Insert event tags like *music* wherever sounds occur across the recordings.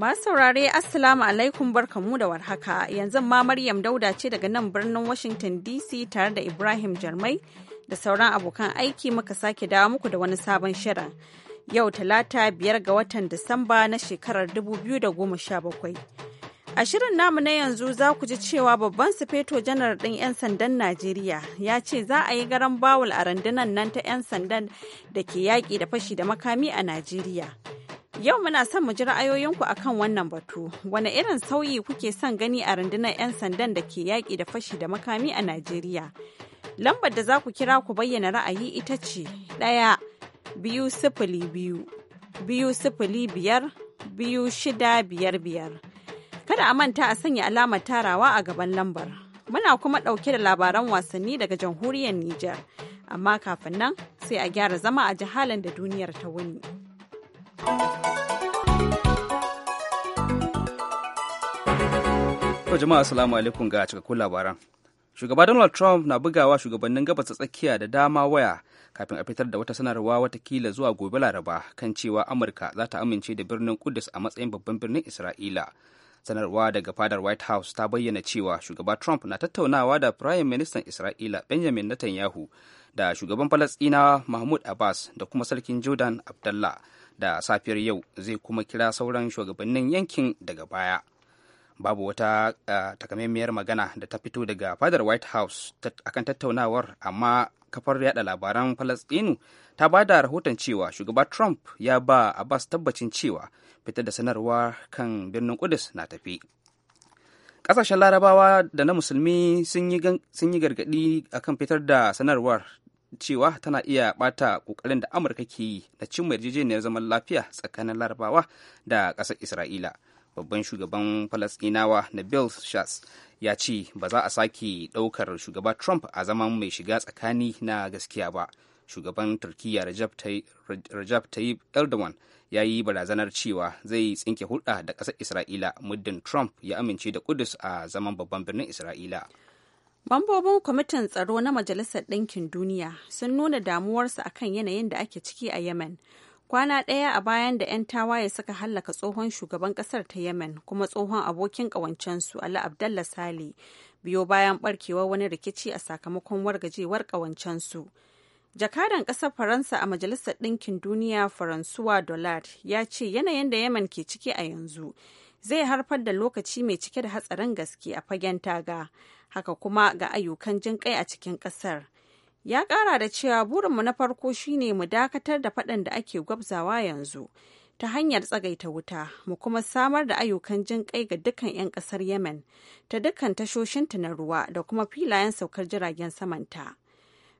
Masu saurare Assalamu alaikum barkamu da warhaka yanzu ma Maryam Dauda ce daga nan birnin Washington DC tare da Ibrahim Jarmai da sauran abokan aiki muka sake dawo muku da wani sabon shirin. Yau talata biyar ga watan Disamba na shekarar 2017. A shirin namu na yanzu za ku ji cewa babban sufeto janar ɗin 'yan sandan Najeriya ya ce za a yi garan bawul a randunan nan ta 'yan sandan da ke yaƙi da fashi da makami a Najeriya. Yau muna son mu ji ra'ayoyinku akan wannan batu. Wane irin sauyi kuke son gani a rundunar 'yan sandan da ke yaƙi da fashi da makami a Najeriya? Lambar da za ku kira ku bayyana ra'ayi ita ce ɗaya biyu sifili biyu biyu sifili biyar biyu shida biyar biyar. Kada a manta a sanya alamar tarawa a gaban lambar. Muna kuma ɗauke da labaran wasanni daga jamhuriyar Nijar. Amma kafin nan sai a gyara zama a jihalin da duniyar ta wuni. To jama'a assalamu alaikum ga cikakkun labaran. Shugaba Donald Trump na bugawa shugabannin gabas ta tsakiya da dama waya kafin a fitar da wata sanarwa watakila zuwa gobe Laraba kan cewa Amurka za ta amince da birnin Kudus a matsayin babban birnin Isra'ila. Sanarwa daga fadar White House ta bayyana cewa shugaba Trump na tattaunawa da Prime Minister Isra'ila Benjamin Netanyahu da shugaban Falasɗinawa Mahmud Abbas da kuma sarkin Jordan Abdullah da safiyar yau zai kuma kira sauran shugabannin yankin daga baya babu wata uh, takamaimiyar magana da ta fito daga fadar white house akan tattaunawar amma kafar yada labaran falasɗinu ta ba da rahoton cewa shugaba trump ya ba abbas tabbacin cewa fitar da sanarwa kan birnin kudus na tafi kasashen larabawa da na musulmi sun yi gargaɗi akan fitar da sanarwar cewa tana iya bata kokarin da amurka ke yi na cimma yarjejeniyar zaman lafiya tsakanin larabawa da ƙasar isra'ila babban shugaban falasɗinawa bill shas ya ce ba za a sake ɗaukar shugaba trump a zaman mai shiga tsakani na gaskiya ba shugaban turkiyya rajab tayyip erdogan ya yi barazanar cewa zai tsinke hulɗa da ƙasar isra'ila muddin trump ya amince da kudus a zaman babban birnin isra'ila Mambobin kwamitin tsaro na Majalisar Ɗinkin Duniya sun nuna damuwarsu kan yanayin da ake ciki a Yemen. Kwana ɗaya a bayan da 'yan tawaye suka hallaka tsohon shugaban ƙasar ta Yemen kuma tsohon abokin ƙawancensu Ali Abdallah Sale biyo bayan ɓarkewar wani rikici a sakamakon wargajewar ƙawancensu. Jakadan ƙasar Faransa a Majalisar Ɗinkin Duniya Faransuwa Dollard ya ce yanayin da Yemen ke ciki a yanzu zai harfar da lokaci mai cike da hatsarin gaske a fagen taga. haka kuma ga ayyukan jin kai a cikin ƙasar. Ya ƙara da cewa burinmu na farko shine mu dakatar da faɗan da ake gwabzawa yanzu ta hanyar tsagaita wuta, mu kuma samar da ayyukan jin kai ga dukkan 'yan ƙasar Yemen ta dukkan tashoshinta na ruwa da kuma filayen saukar jiragen samanta.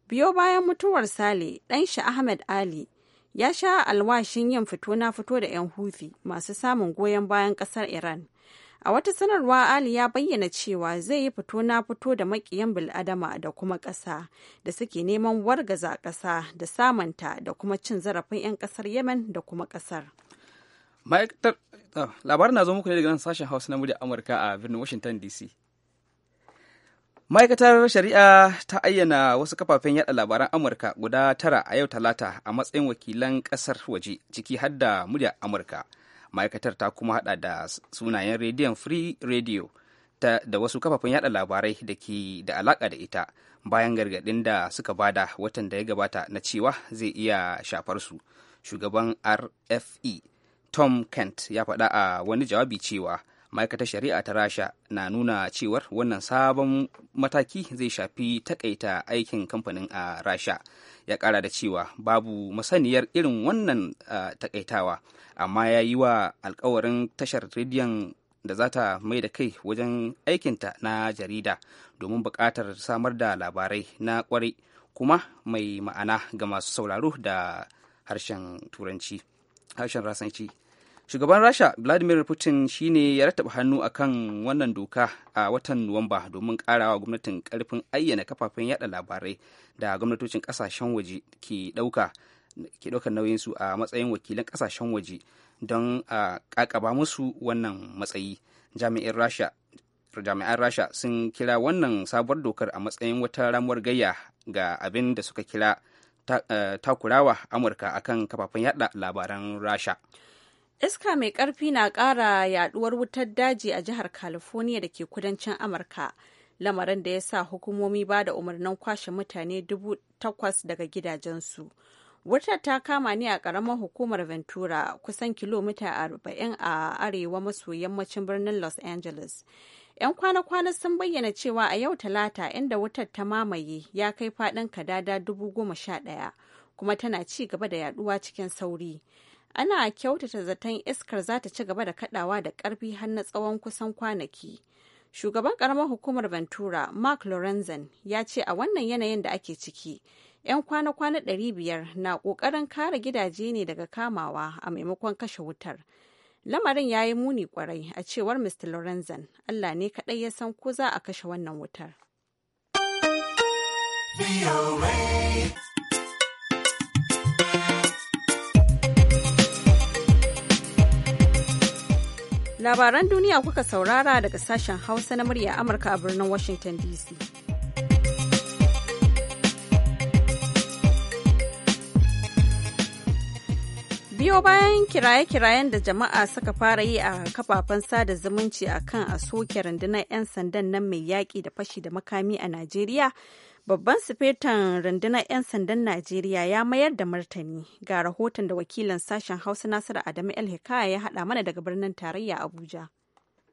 Biyo bayan mutuwar Sale, ɗan shi Ahmed Ali, ya sha alwashin yin fito na fito da 'yan Houthi masu samun goyon bayan ƙasar iran A wata sanarwa Ali ya bayyana cewa zai yi fito na fito da makiyan bil'adama da kuma ƙasa da suke neman wargaza ƙasa da samanta da kuma cin zarafin 'yan ƙasar Yemen da kuma ƙasar. labarin na zo muku ne daga nan sashen Hausa na murya Amurka a birnin Washington DC. Ma'aikatar Shari'a ta ayyana wasu kafafen yada labaran Amurka guda tara a yau Talata a matsayin wakilan ƙasar waje ciki har da murya Amurka. ma'aikatar ta kuma hada da sunayen rediyon free radio ta, da wasu kafafen yada labarai da ke da alaka da ita bayan gargadin da suka bada watan da ya gabata na cewa zai iya shafar su shugaban rfe tom kent ya faɗa a wani jawabi cewa ma'aikatar shari'a ta rasha na nuna cewar wannan sabon mataki zai shafi takaita aikin kamfanin a rasha ya kara da cewa babu masaniyar irin wannan takaitawa amma ya yi wa alkawarin tashar rediyon da za ta mai da kai wajen aikinta na jarida domin buƙatar samar da labarai na ƙwarai kuma mai ma'ana ga masu sauraro da harshen turanci harshen rasanci shugaban rasha vladimir putin shine ya rattaba hannu akan wannan doka a watan nuwamba domin karawa gwamnatin karfin ayyana kafafen yada labarai da gwamnatocin kasashen waje ke dauka ke daukar nauyinsu a matsayin wakilan kasashen waje don a kakaba musu wannan matsayi jami'in rasha jami'an rasha sun kira wannan sabuwar dokar a matsayin wata ramuwar gayya ga abin da suka kira eh, takurawa amurka akan kafafen yada labaran rasha Iska mai ƙarfi na ƙara yaɗuwar wutar daji a jihar California da ke kudancin Amurka, lamarin da ya sa hukumomi ba da umarnin kwashe mutane dubu takwas daga gidajensu. Wutar ta kama ne a ƙaramar hukumar Ventura kusan kilomita 40 a arewa maso yammacin birnin Los Angeles. 'Yan kwana-kwana sun bayyana cewa a yau talata inda wutar ta mamaye ya kai faɗin kadada dubu goma sha ɗaya kuma tana ci gaba da yaɗuwa cikin sauri. ana kyautata zaton iskar za ta ci gaba da kadawa da karfi har na tsawon kusan kwanaki shugaban karamar hukumar ventura mark lorenzen ya ce a wannan yanayin da ake ciki 'yan kwana-kwana ɗari biyar na kokarin kare gidaje ne daga kamawa a maimakon kashe wutar lamarin ya yi muni kwarai a cewar mr lorenzen allah ne kaɗai ya san ko za a kashe wannan wutar Labaran duniya kuka saurara daga sashen Hausa na murya Amurka a birnin Washington DC. Biyo bayan kiraye-kirayen da jama'a suka fara yi a kafafen sada zumunci akan a soke rundunar 'yan sandan nan mai yaƙi da fashi da makami a Najeriya, Babban sifetan rundunar 'yan sandan Najeriya ya mayar da martani ga rahoton da wakilan sashen Hausa Nasiru Adamu El Hikaya ya haɗa mana daga birnin tarayya Abuja.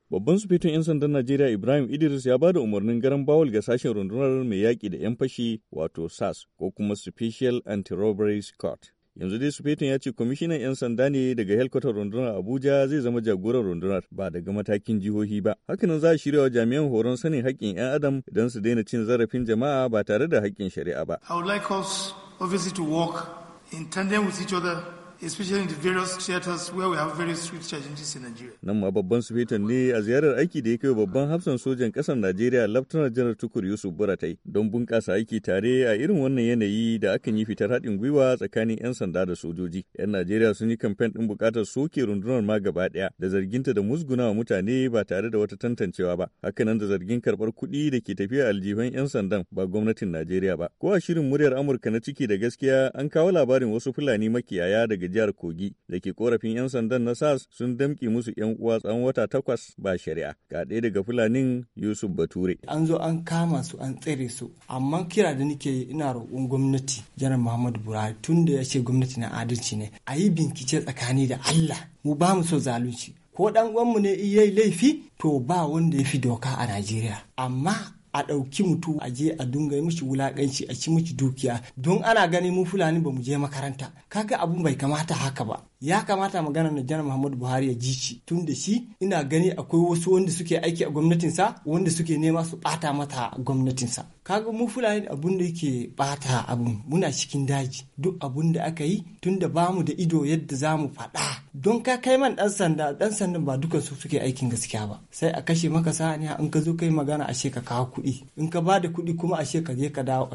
Babban sufetin 'yan sandan Najeriya Ibrahim Idris ya ba da umarnin garan bawal ga sashen rundunar mai yaƙi da 'yan fashi wato SAS ko kuma Special Anti-Robbery Court. yanzu dai sufetin ya ce kwamishinan 'yan sanda ne daga helkwatar rundunar abuja zai zama jagoran rundunar ba daga matakin jihohi ba hakanan za a shirya wa jami'an horon sanin haƙƙin 'yan adam idan su daina cin zarafin jama'a ba tare da haƙƙin shari'a ba i would like us obviously to work in tandem with each other especially in the various theaters where we have very strict in Nigeria. Nan ma babban sufetan ne a ziyarar aiki da ya kai babban hafsan sojan ƙasar Najeriya Laftanar Janar Tukur Yusuf Buratai don bunƙasa aiki tare a irin wannan yanayi da akan yi fitar haɗin gwiwa tsakanin 'yan sanda da sojoji. 'Yan Najeriya sun yi kamfen ɗin buƙatar soke rundunar ma gaba ɗaya da zarginta da musgunawa mutane ba tare da wata tantancewa ba. Hakanan da zargin karɓar kuɗi da ke tafiya aljihun 'yan sandan ba gwamnatin Najeriya ba. Ko a shirin muryar Amurka na ciki da gaskiya an kawo labarin wasu Fulani makiyaya daga daga jihar Kogi da ke korafin 'yan sandan na SAS sun damƙi musu 'yan uwa tsawon wata takwas ba shari'a. Ga ɗaya daga Fulanin Yusuf Bature. An zo an kama su an tsare su, amma kira da nake ina roƙon gwamnati Janar Muhammadu Buhari tun da ya ce gwamnati na adalci ne, a yi bincike tsakani da Allah, mu ba mu so zalunci. Ko ɗan uwanmu ne iya laifi to ba wanda ya fi doka a Najeriya. Amma a ɗauki mutu a je a dunga mishi wulakanci a ci mishi dukiya don ana ganin mu fulani ba mu je makaranta kaga abun bai kamata haka ba ya kamata magana na janar muhammadu buhari ya ji ci tun da shi ina gani akwai wasu wanda suke aiki a gwamnatinsa wanda suke nema su bata mata gwamnatinsa kaga mu fulani abun da yake bata abun muna cikin daji duk abun da aka yi tun da bamu da ido yadda za mu faɗa don ka kai man dan sanda dan sandan ba dukan su suke aikin gaskiya ba sai a kashe maka ne in ka zo kai magana a ka kawo kuɗi kuɗi in ka ba da kuɗi kuma ashe ka je ka dawo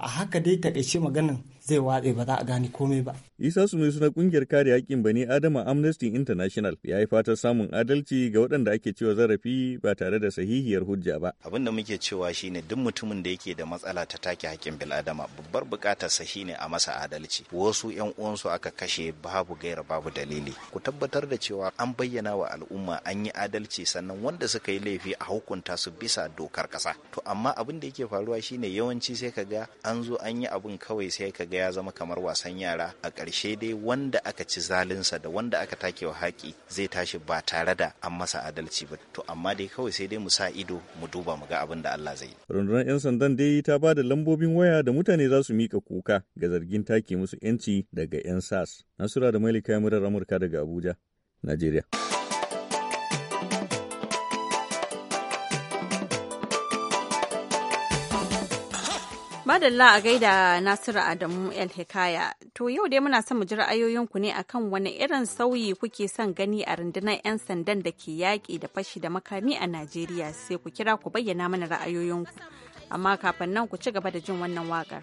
a haka dai takaice maganan zai watse ba za a gane komai ba. Isa Sunusu na kungiyar kare haƙƙin bani Adama Amnesty International ya yi fatar samun adalci ga waɗanda ake cewa zarafi ba tare da sahihiyar hujja ba. Abin da muke cewa shine duk mutumin da yake da matsala ta take haƙƙin bil'adama babbar buƙatar sa ne a masa adalci. Wasu 'yan uwansu aka kashe babu gaira babu dalili. Ku tabbatar da cewa an bayyana wa al'umma an yi adalci sannan wanda suka yi laifi a hukunta su bisa dokar ƙasa. To amma abin da yake faruwa shine yawanci sai ka ga an zo an yi abin kawai sai ka ga ya zama kamar wasan yara a ƙarshe dai wanda aka ci zalinsa da wanda aka take wa haƙi zai tashi ba tare da an masa adalci ba to amma dai kawai sai dai mu sa ido mu duba mu ga abin da Allah zai yi rundunar 'yan sandan dai ta ba da lambobin waya da mutane za su mika kuka ga zargin take musu 'yanci daga 'yan sas nasura da mailika murar amurka daga abuja najeriya madalla a gaida Nasiru Adamu El Hikaya. To yau dai muna son mu ji ra'ayoyinku ne akan wani irin sauyi kuke son gani a rundunar 'yan sandan da ke yaƙi da fashi da makami a Najeriya sai ku kira ku bayyana mana ra'ayoyinku. Amma kafin nan ku ci gaba da jin wannan waƙar.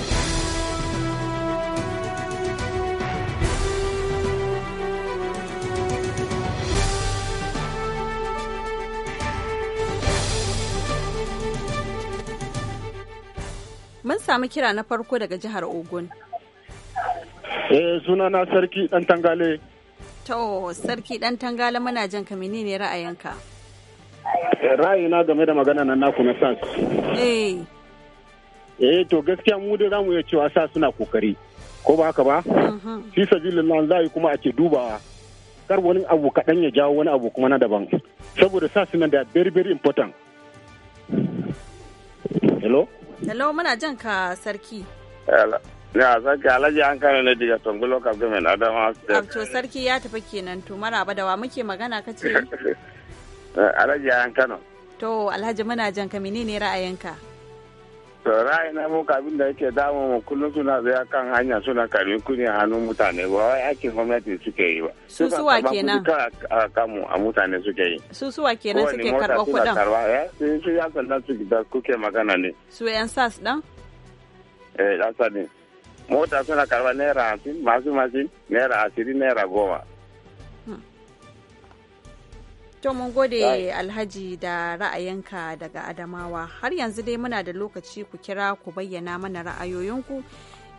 Mun samu kira na farko daga jihar Ogun. Eh sunana Sarki Dan Tangale. To Sarki Dan Tangale muna jan ka menene ra'ayinka? Eh, ra'ayina game da magana nan naku na SAS. Eh. Eh to gaskiya mu da zamu iya cewa sa suna kokari. Ko ba haka ba? Mm-hmm. Fi sabilillah Allah kuma ake dubawa. Kar wani abu kaɗan ya jawo wani abu kuma na daban. Saboda sa suna da very very important. Hello? hello muna jan ka sarki na sarki alhaji an kare ne daga tongolo local government adama abto sarki ya tafi kenan to maraba da wa muke magana ka ce. *laughs* Eh, alhaji an kano to alhaji muna jan ka menene ra'ayinka to ra'ayina mu abin da yake damu mu kullum suna zai kan hanya suna karbi kuni a hannun mutane ba wai aikin gwamnati suke yi ba su suwa kenan a kamu a mutane suke yi su suwa kenan suke karɓar kuɗin eh, su su yan sanda su da kuke magana ne su yan sas ɗan eh ɗan sani mota suna karɓar naira hamsin masu mashin naira ashirin naira goma To mun gode Alhaji da ra'ayinka daga Adamawa. Har yanzu dai muna da lokaci ku kira ku bayyana mana ra'ayoyinku.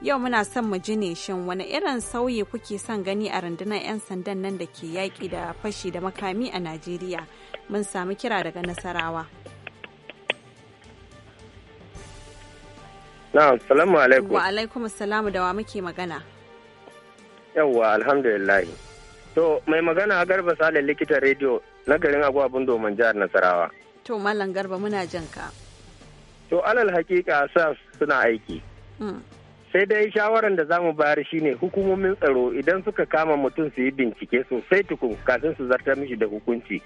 Yau muna son mu ji ne shin wani irin sauyi kuke son gani a rundunar 'yan sandan nan da ke yaƙi da fashi da makami a Najeriya. Mun samu kira daga Nasarawa. na salamu alaikum. Wa alaikum salamu da wa muke magana. Yawwa, alhamdulillah. To, mai magana a garba salin likitan rediyo nagarin garin agwabin domin jihar Nasarawa. To Malam Garba muna jan ka. To alal hakika sa suna aiki. Hmm. Sai dai shawaran da zamu bayar shine hukumomin tsaro idan suka kama mutum su yi bincike sosai tukun kafin su zartar mishi da hukunci.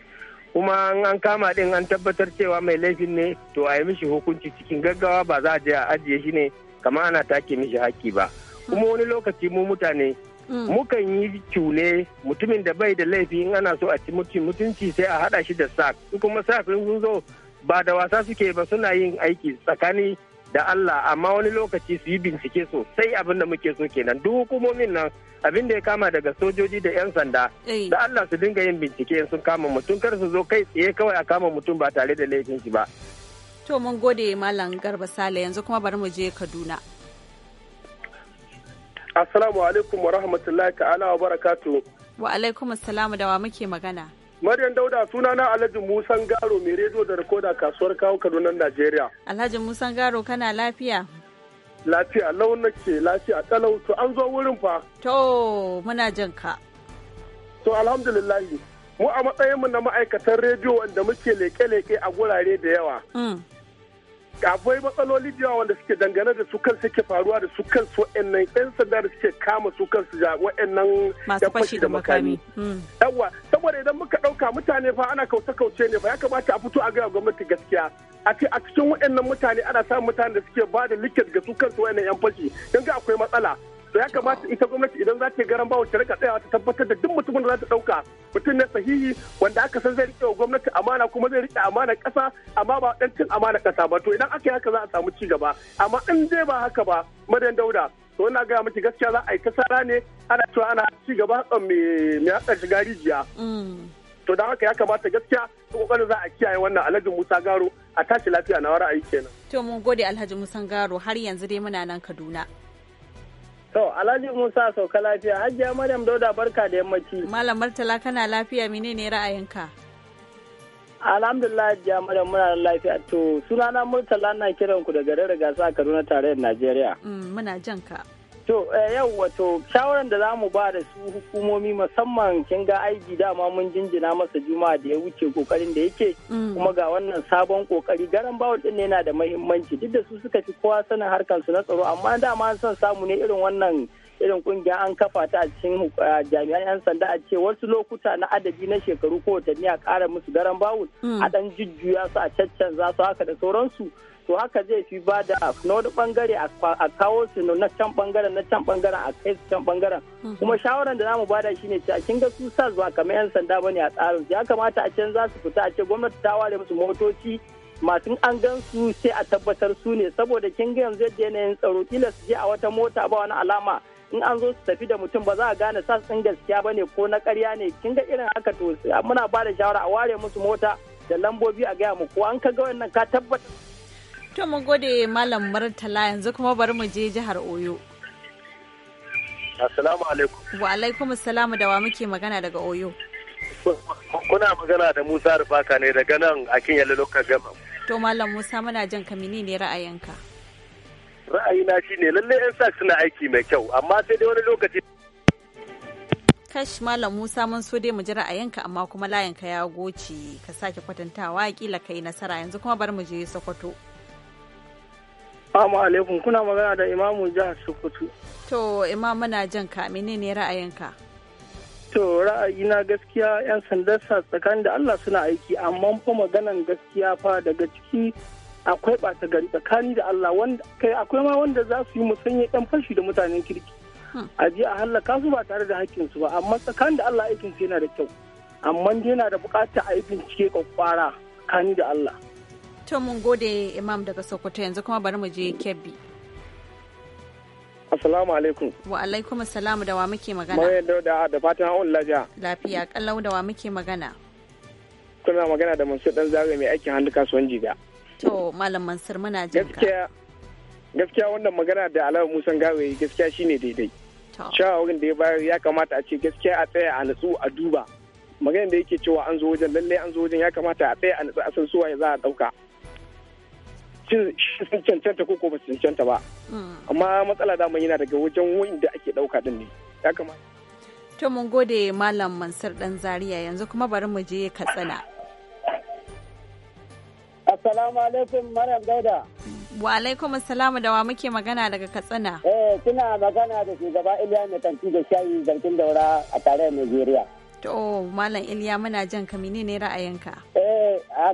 kuma an kama din an tabbatar cewa mai laifin ne to a yi mishi hukunci cikin gaggawa ba za a je a ajiye shi ne kamar ana take mishi haƙƙi ba kuma wani lokaci mu mutane Mm. mukan yi cule mutumin da bai da laifi in ana so a ci mutunci sai a haɗa shi da sak su kuma in sun zo ba da wasa suke ba suna yin aiki tsakani da Allah amma wani lokaci su yi bincike sai abin da muke so kenan duk hukumomin nan abin da ya kama daga sojoji da 'yan sanda da Allah su dinga yin bincike sun kama mutum kar su zo kai tsaye kawai a kama mutum ba tare da laifin shi ba. To mun gode Malam Garba Sale yanzu kuma bari mu je Kaduna. Assalamu alaikum wa rahmatullahi ta'ala wa barakatu. Wa alaikum assalamu da wa muke magana. Maryam Dauda sunana Alhaji Musa Garo mai rediyo da rikoda kasuwar kawo Kaduna Najeriya. Alhaji Musan Garo kana lafiya? Lafiya lau nake lafiya talau to an zo wurin fa. To muna jin ka. To alhamdulillahi mu a matsayin mu na ma'aikatan rediyo wanda muke leke-leke a gurare da yawa. Mm. akwai matsaloli da yawa wanda suke dangane da su kansu suke faruwa da su kansu wa'annan yan sanda da suke kama su kansu da wa'annan masu fashi da makami hmm. Yawwa, saboda idan muka ɗauka mutane fa ana kauce kauce ne fa ya kamata a fito a gaya gwamnati gaskiya a ce a cikin wa'annan mutane ana samun mutane da suke ba da liket ga su kansu wa'annan yan fashi don akwai matsala to ya kamata ita gwamnati idan za ta garan bawa ta rika tsayawa ta tabbatar da duk mutumin da za ta dauka mutum ne sahihi wanda aka san zai rike wa gwamnati amana kuma zai rike amana kasa amma ba dan cin amana kasa ba to idan aka yi haka za a samu ci gaba amma in dai ba haka ba madan dauda to ina ga miki gaskiya za a yi kasara ne ana cewa ana ci gaba me me haka shiga rijiya mm. to dan haka ya kamata gaskiya ko kokarin za a kiyaye wannan alhaji musa garo a tashi lafiya na ayi kenan to mun gode alhaji musa garo har yanzu dai muna nan kaduna To, Alhaji Musa sauka lafiya, Hajiya Maryam Dauda barka da yammaci. Malam murtala kana lafiya mine menene ra'ayinka? Alhamdulillah Hajiya Maryam muna da lafiya. To, sunana Murtala na kiran ku daga Rarraga sa Kaduna tarayyar Najeriya. Mm, muna jan ka. To eh, yau wato shawaran da za mu ba da su hukumomi musamman kin ga aiki dama mun jinjina masa juma'a da ya wuce kokarin da yake mm. kuma ga wannan sabon kokari garan bawul din yana da mahimmanci duk da su suka fi kowa sanin harkar su na tsaro amma dama son samu ne irin wannan irin kungiya an kafa ta a cikin eh, jami'an 'yan sanda a ce wasu lokuta na adadi na shekaru ko watanni a kara musu garan bawul mm. a dan jujjuya su a za su haka da sauransu to haka zai fi ba da na wani bangare a kawo su na can bangaren na can bangaren a kai su can bangaren mhm. kuma shawaran da zamu bada shine cewa kin ga su sa zuwa kamar yan sanda bane a tsarin ya kamata a can za su fita a ce gwamnati ta ware musu motoci masu an gan su sai a tabbatar su ne saboda kin ga yanzu yadda yanayin tsaro kila su je a wata mota ba wani alama in an zo su tafi da mutum ba za a gane sa sun gaskiya ne ko na karya ne kin ga irin haka to muna ba da shawara a ware musu mota da lambobi a gaya muku an ka ga wannan ka tabbatar To mun gode Malam Murtala yanzu kuma bari mu je jihar Oyo. Assalamu alaikum. Wa alaikum assalamu da wa muke magana daga Oyo. Kuna magana da Musa Rufaka ne daga nan a Kinyale lokacin Government. To Malam Musa muna jan kamini ne ra'ayinka. Ra'ayina shine lallai 'yan sa suna aiki mai kyau amma sai dai wani lokaci kash malam musa mun so dai mu ji ra'ayinka amma kuma layinka ya goce ka sake kwatantawa kila kai nasara yanzu kuma bari mu je sokoto Assalamu alaikum kuna magana da imamu jihar Sokoto. To imam muna jan ka menene ra'ayinka? To ra'ayina gaskiya 'yan sandar sa tsakanin da Allah suna aiki amma fa maganan gaskiya fa daga ciki akwai ɓata gari tsakani da Allah wanda kai akwai ma wanda za su yi musanye ɗan fashi da mutanen kirki. Hmm. A je a halaka su ba tare da hakkin su ba amma tsakanin da Allah aikin su yana da kyau. Amma yana da buƙatar a yi bincike kwakwara tsakani da Allah. To mun gode Imam daga Sokoto yanzu kuma bari mu je Kebbi. Assalamu alaikum. Wa alaikum assalamu da wa muke magana. mai Dauda da fatan an lafiya. Lafiya kallon da wa muke magana. Kuna magana da mun dan zare mai aikin hannu kasuwan jiga. To Malam Mansur muna jinka Gaskiya gaskiya wannan magana da alama Musa Gawe gaskiya shine daidai. wurin da ya bayar ya kamata a ce gaskiya a tsaya a natsu a duba. magana da yake cewa an zo wajen lallai an zo wajen ya kamata a tsaya a natsu a san suwa ya za a dauka. sun cancanta ko ko ba su cancanta ba mm. amma matsala yana daga wajen da ake dauka din ne ya kamata to mun gode malam mansur dan zaria yanzu kuma bari mu je katsina assalamu alaikum maryam dauda wa alaikum assalam da wa muke magana daga katsina eh kina magana da shugaba iliya mai kanti da shayi zargin daura a tarayyar najeriya to malam iliya muna jan ka menene ra'ayinka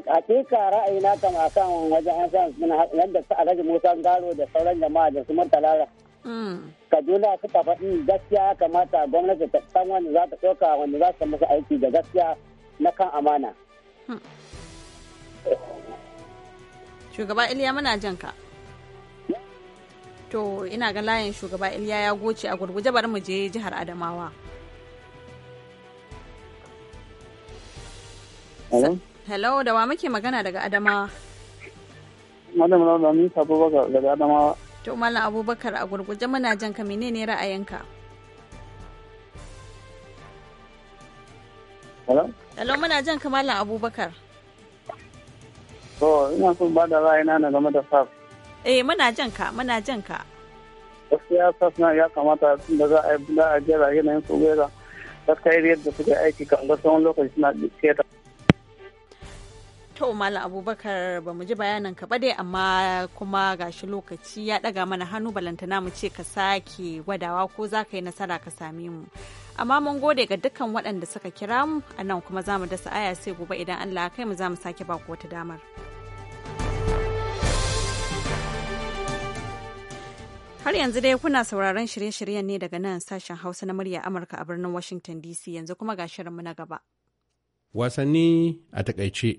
hakika ra'ayina kan akan wajen an san yadda su alhaji musa garo da sauran jama'a da su murtala mm. kaduna suka faɗi gaskiya ya kamata gwamnati ta san wanda za ta ɗauka wanda za ta musu aiki da gaskiya na kan amana hmm. shugaba iliya muna jan ka to ina ga layin shugaba iliya ya goce a gurguje bari mu je jihar adamawa Hello, da wa muke magana daga Adamawa? Madam Laura ni Abubakar daga Adamawa. To Malam Abubakar a gurguje muna jan ka menene ra'ayinka? Hello? Hello muna jan ka Malam Abubakar. To ina son ba da ra'ayina na game da SAF. Eh muna jan ka muna jan ka. Gaskiya SAF na ya kamata da za a yi a jera yanayin su gaira. Gaskiya yadda suke aiki kan gaskiya wani lokaci suna keta. To Malam Abubakar ba mu ji bayanan ka ba dai amma kuma gashi lokaci ya ɗaga mana hannu balantana mu ce ka sake gwadawa ko za ka yi nasara ka same mu. Amma mun gode ga dukkan waɗanda suka kira mu a nan kuma za mu dasa aya sai gobe idan Allah kai mu za mu sake ba wata damar. Har yanzu dai kuna sauraron shirye-shiryen ne daga nan sashen Hausa na murya Amurka a birnin Washington DC yanzu kuma ga shirinmu na gaba. Wasanni a takaice.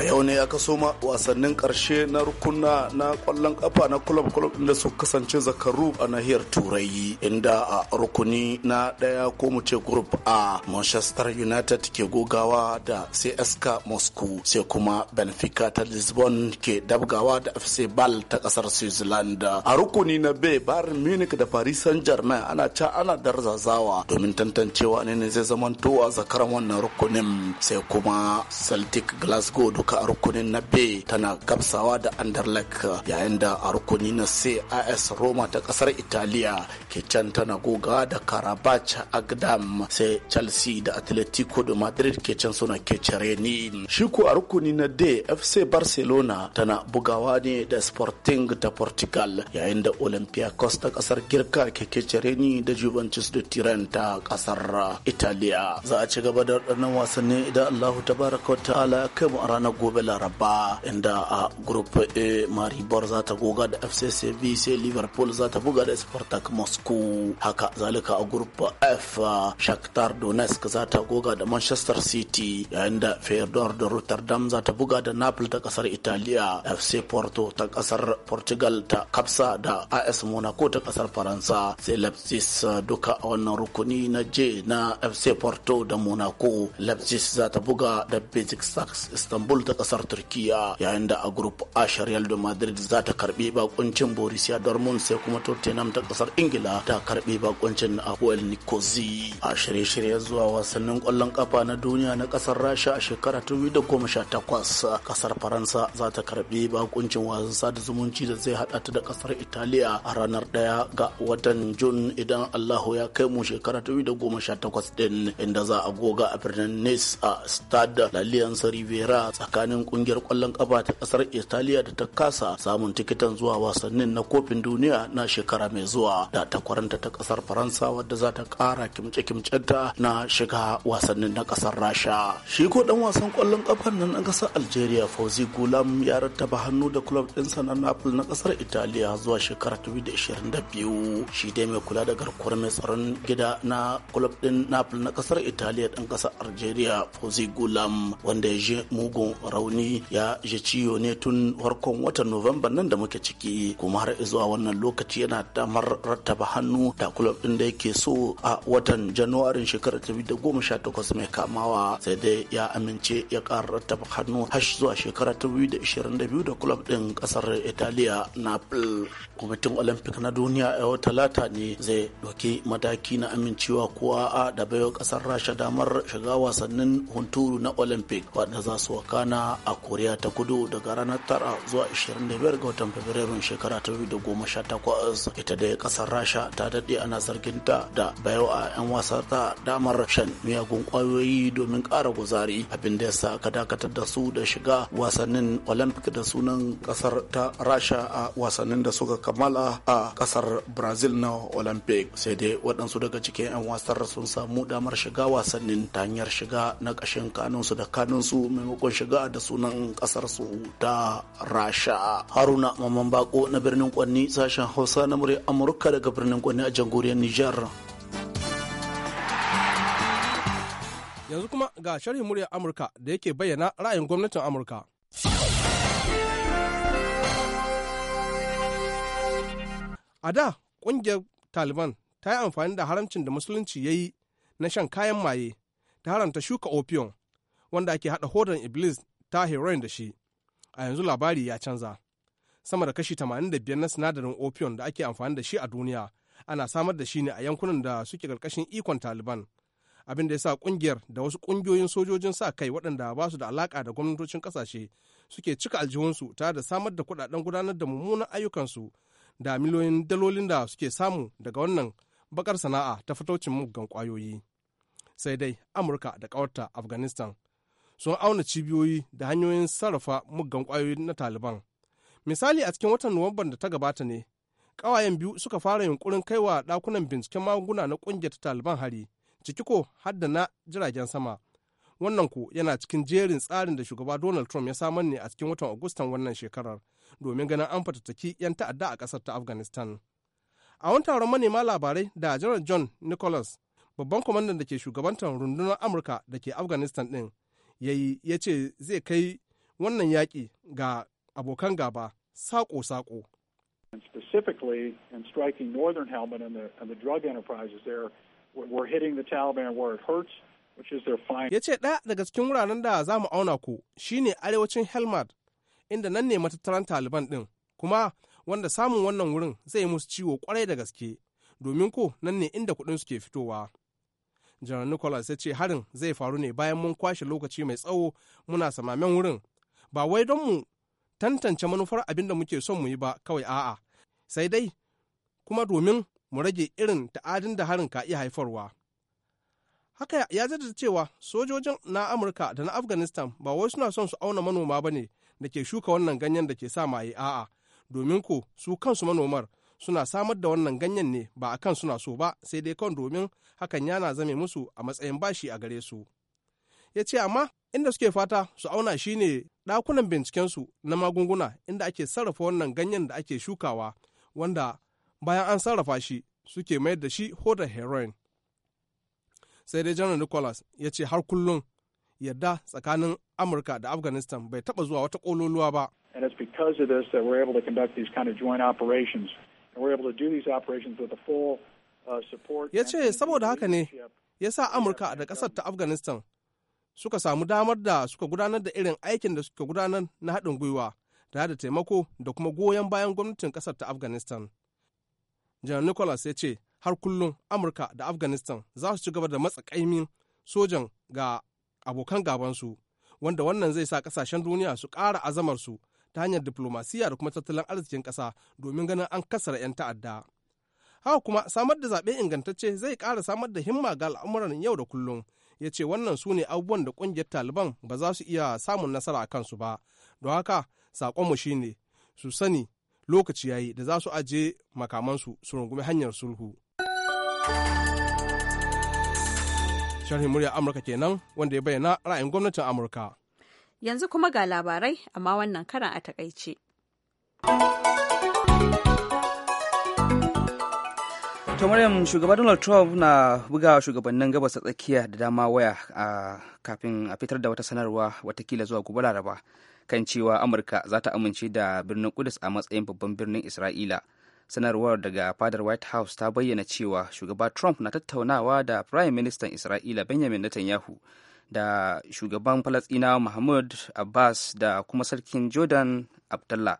a yau ne aka soma wasannin karshe na rukunna na kwallon kafa na kulob kulob inda su kasance zakaru a nahiyar turai inda a rukuni na daya ko mu ce group a manchester united ke gogawa da csk moscow sai kuma benfica ta lisbon ke dabgawa da fc bal ta kasar switzerland a rukuni na b bayern munich da paris saint germain ana ca ana darzazawa domin tantancewa ne ne zai zamanto a zakaran wannan rukunin sai kuma celtic glasgow duka a rukunin na B tana gabsawa da Anderlecht yayin da a rukuni na C AS Roma ta kasar Italiya ke can tana gogawa da Karabach Agdam sai Chelsea da Atletico de Madrid ke can suna kecere ni. Shi ko a rukuni na D FC Barcelona tana bugawa ne da Sporting da Portugal yayin da Olympiacos ta kasar Girka ke kecere ni da Juventus da Turin ta kasar Italia. Za a ci gaba da waɗannan wasanni idan Allahu tabaraka wa ya kai mu a ranar gobe Laraba inda a group A Maribor za ta goga da FC Sevilla sai Liverpool za ta buga da Spartak Moscow. moscow haka zalika a group f uh, shakhtar donetsk za ta goga da manchester city yayin da feyenoord da rotterdam za ta buga da napoli ta kasar italiya fc porto ta kasar portugal ta kapsa da as monaco ta kasar faransa sai leipzig uh, duka a wannan rukuni na j na fc porto da monaco leipzig za ta buga da basic stars istanbul ta kasar turkiya yayin da a group a real madrid za ta karbi bakuncin borussia dortmund sai kuma tottenham ta kasar ingila da ta karbi bakoncin ahuel nikozi a shirye-shirye zuwa wasannin kwallon kafa na duniya na kasar rasha a shekara 2018 kasar faransa za ta karbi bakoncin wasan sada zumunci da zai hada ta da kasar italiya a ranar daya ga watan jun idan allahu ya kai mu shekara 2018 din inda za a goga a birnin nice a stade laliansa rivera tsakanin kungiyar kwallon kafa ta kasar italiya da ta kasa samun tikitan zuwa wasannin na kofin duniya na shekara mai zuwa da ta takwaranta ta kasar faransa wadda za ta kara kimce-kimcenta na shiga wasannin na kasar rasha shi ko dan wasan kwallon kafar nan na kasar algeria fauzi gulam ya rattaba hannu da club ɗinsa na napoli na kasar italiya zuwa shekara 2022 shi dai mai kula da garkuwar mai tsaron gida na club ɗin napoli na kasar italiya ɗan kasar algeria fauzi gulam wanda ya je mugun rauni ya je ciwo ne tun farkon watan nuwamba nan da muke ciki kuma har zuwa wannan lokaci yana damar rattaba hannu da kulob din da yake so a watan januwarin shekarar takwas mai kamawa sai dai ya amince ya ƙara rattaba hannu har zuwa shekarar biyu da kulab din ƙasar italiya naples kwamitin olympic na duniya yau talata ne zai ɗauki mataki na amincewa ko a da baiwa kasar rasha damar shiga wasannin hunturu na olympic wadda za su wakana a koriya ta kudu daga ranar tara zuwa 25 ga watan fabrairun shekara ta 2018 ita dai ƙasar rasha ta daɗe ana zargin ta da baiwa 'yan wasa ta damar shan miyagun kwayoyi domin ƙara guzari abin da ya sa aka dakatar da su da shiga wasannin olympic da sunan kasar ta rasha a wasannin da suka kammala a kasar brazil na olympic sai dai waɗansu daga cikin 'yan wasar sun samu damar shiga wasannin ta hanyar shiga na ƙashin kanunsu da kanunsu maimakon shiga da sunan kasar su ta rasha haruna mamman bako na birnin kwanni sashen hausa na murya amurka daga birnin kwanni a jamhuriyar niger yanzu kuma ga sharhin murya amurka da yake bayyana ra'ayin gwamnatin amurka a da ƙungiyar taliban ta yi amfani da haramcin da musulunci ya yi na shan kayan maye ta haramta shuka opium wanda ake haɗa hodan iblis ta heroin da shi a yanzu labari ya canza sama da kashi 85 na sinadarin opium da ake amfani da shi a duniya ana samar da shi ne a yankunan da suke karkashin ikon taliban abin da ya sa kungiyar da wasu ƙungiyoyin sojojin sa kai waɗanda ba su da alaka da gwamnatocin ƙasashe suke cika aljihunsu tare da samar da kuɗaɗen gudanar da mummunan ayyukansu da miliyoyin dalolin da suke samu daga wannan bakar sana'a ta fataucin muggan kwayoyi sai dai amurka da ƙawarta afghanistan sun auna cibiyoyi da hanyoyin sarrafa muggan kwayoyi na taliban misali a cikin watan nuwamban da ta gabata ne ƙawayen biyu suka fara yunkurin kaiwa ɗakunan binciken magunguna na ƙungiyar taliban hari ciki ko har na jiragen sama wannan ku yana cikin jerin tsarin da shugaba donald trump ya samar ne a cikin watan agustan wannan shekarar domin ganin an fatattaki 'yan ta'adda a ƙasar ta afghanistan a wani taron manema labarai da janar john nicholas babban kwamandan da ke shugabantar rundunar amurka da ke afghanistan din ya ya ce zai kai wannan yaƙi ga abokan gaba saƙo-saƙo in Northern we're hitting the Taliban where it hurts, Ya ce ɗaya daga cikin wuraren da za mu auna ku shine arewacin Helmand inda nan ne matattaran Taliban ɗin kuma wanda samun wannan wurin zai musu ciwo kwarai da gaske domin ko nan ne inda kuɗin suke fitowa. Janar Nicholas ya ce harin zai faru ne bayan mun kwashe lokaci mai tsawo muna samamen wurin ba wai don mu tantance manufar abin da muke son mu yi ba kawai a'a sai dai kuma domin mu rage irin ta'adin da harin ka iya haifarwa. haka ya jaddada cewa sojojin na amurka da na afghanistan ba wai suna son su auna manoma ba ne da ke shuka wannan ganyen da ke sa maye a'a domin ko su kansu manomar suna samar da wannan ganyen ne ba a kan suna so ba sai dai kan domin hakan yana zame musu a matsayin bashi a gare su ya ce amma inda suke fata su auna shi shine ɗakunan bincikensu na magunguna inda ake sarrafa wannan ganyen da ake shukawa wanda bayan an sarrafa shi suke mayar da shi hodar heroin sai dai janar nicholas ya ce har kullum yadda tsakanin amurka da afghanistan bai taba zuwa wata kololuwa ba uh, ya ce saboda haka ne ya sa amurka da kasar ta afghanistan suka samu damar da suka gudanar da irin aikin da suka gudanar na haɗin gwiwa tare da taimako da kuma goyon bayan gwamnatin kasar ta afghanistan janar nicholas ya ce har kullum amurka da afghanistan za su ci gaba da matsa sojan ga abokan gabansu wanda wannan zai sa kasashen duniya su ƙara azamarsu ta hanyar diplomasiya da kuma tattalin arzikin ƙasa domin ganin an kasar 'yan ta'adda haka kuma samar da zaɓe ingantacce zai ƙara samar da himma ga al'amuran yau da kullum ya ce wannan su ne abubuwan da ƙungiyar taliban ba za su iya samun nasara a kansu ba don haka saƙonmu shine su sani lokaci yayi da za su aje makamansu su rungumi hanyar sulhu Sharhin murya Amurka kenan wanda ya bayyana ra'ayin gwamnatin Amurka. Yanzu kuma ga labarai amma wannan karan a takaice. to shugaban shugaba donald trump na buga shugabannin gabas ta tsakiya da dama waya kafin a fitar da wata sanarwa watakila zuwa gobe laraba kan cewa amurka za ta amince da birnin kudus a matsayin babban birnin isra'ila sanarwar daga fadar white house ta bayyana cewa shugaba trump na tattaunawa da prime minister isra'ila benjamin netanyahu da shugaban falasɗinawa mahmud abbas da kuma sarkin jordan abdullah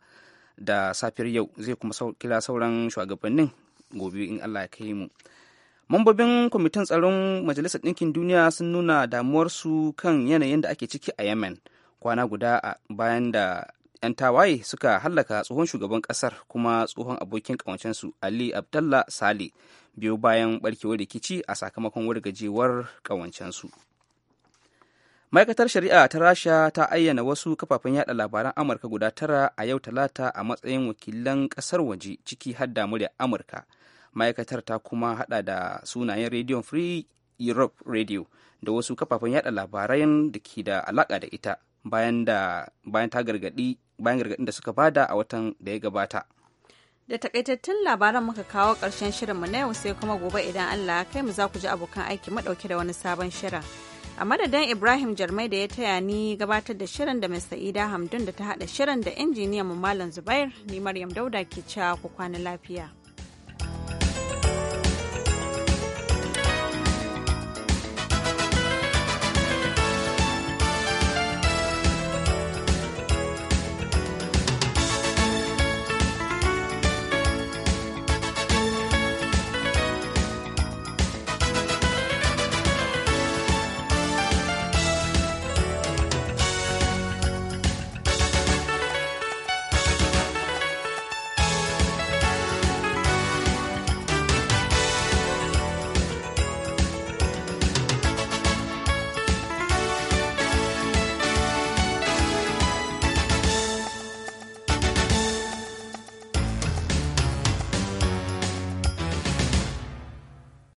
da safiyar yau zai kuma kira sauran shugabannin gobe in allah ya kai mu mambobin kwamitin tsaron majalisar ɗinkin duniya sun nuna damuwarsu kan yanayin da ake ciki a yemen kwana guda bayan da 'yan tawaye suka hallaka tsohon shugaban kasar kuma tsohon abokin ƙawancensu ali abdallah sale biyo bayan barkewar rikici a sakamakon wargajewar kawancensu ma'aikatar shari'a ta rasha ta ayyana wasu kafafen yada labaran amurka guda tara a yau talata a matsayin wakilan kasar waje ciki har da murya amurka ma'aikatar ta kuma hada da sunayen rediyon free europe radio da wasu kafafen yada labaran da ke da alaka da ita bayan ta gargadi bayan gargaɗin da suka bada a watan da ya gabata. Da takaitattun labaran muka kawo ƙarshen shirinmu na yau sai kuma gobe idan Allah kai mu za ku ji abokan aiki madauke da wani sabon shirin. A madadin Ibrahim Jarmai da ya taya ni gabatar da shirin da Mr. Ida Hamdun da ta haɗa shirin da injiniyan mu Malam Zubair, ni Maryam Dauda ke cewa ku kwana lafiya.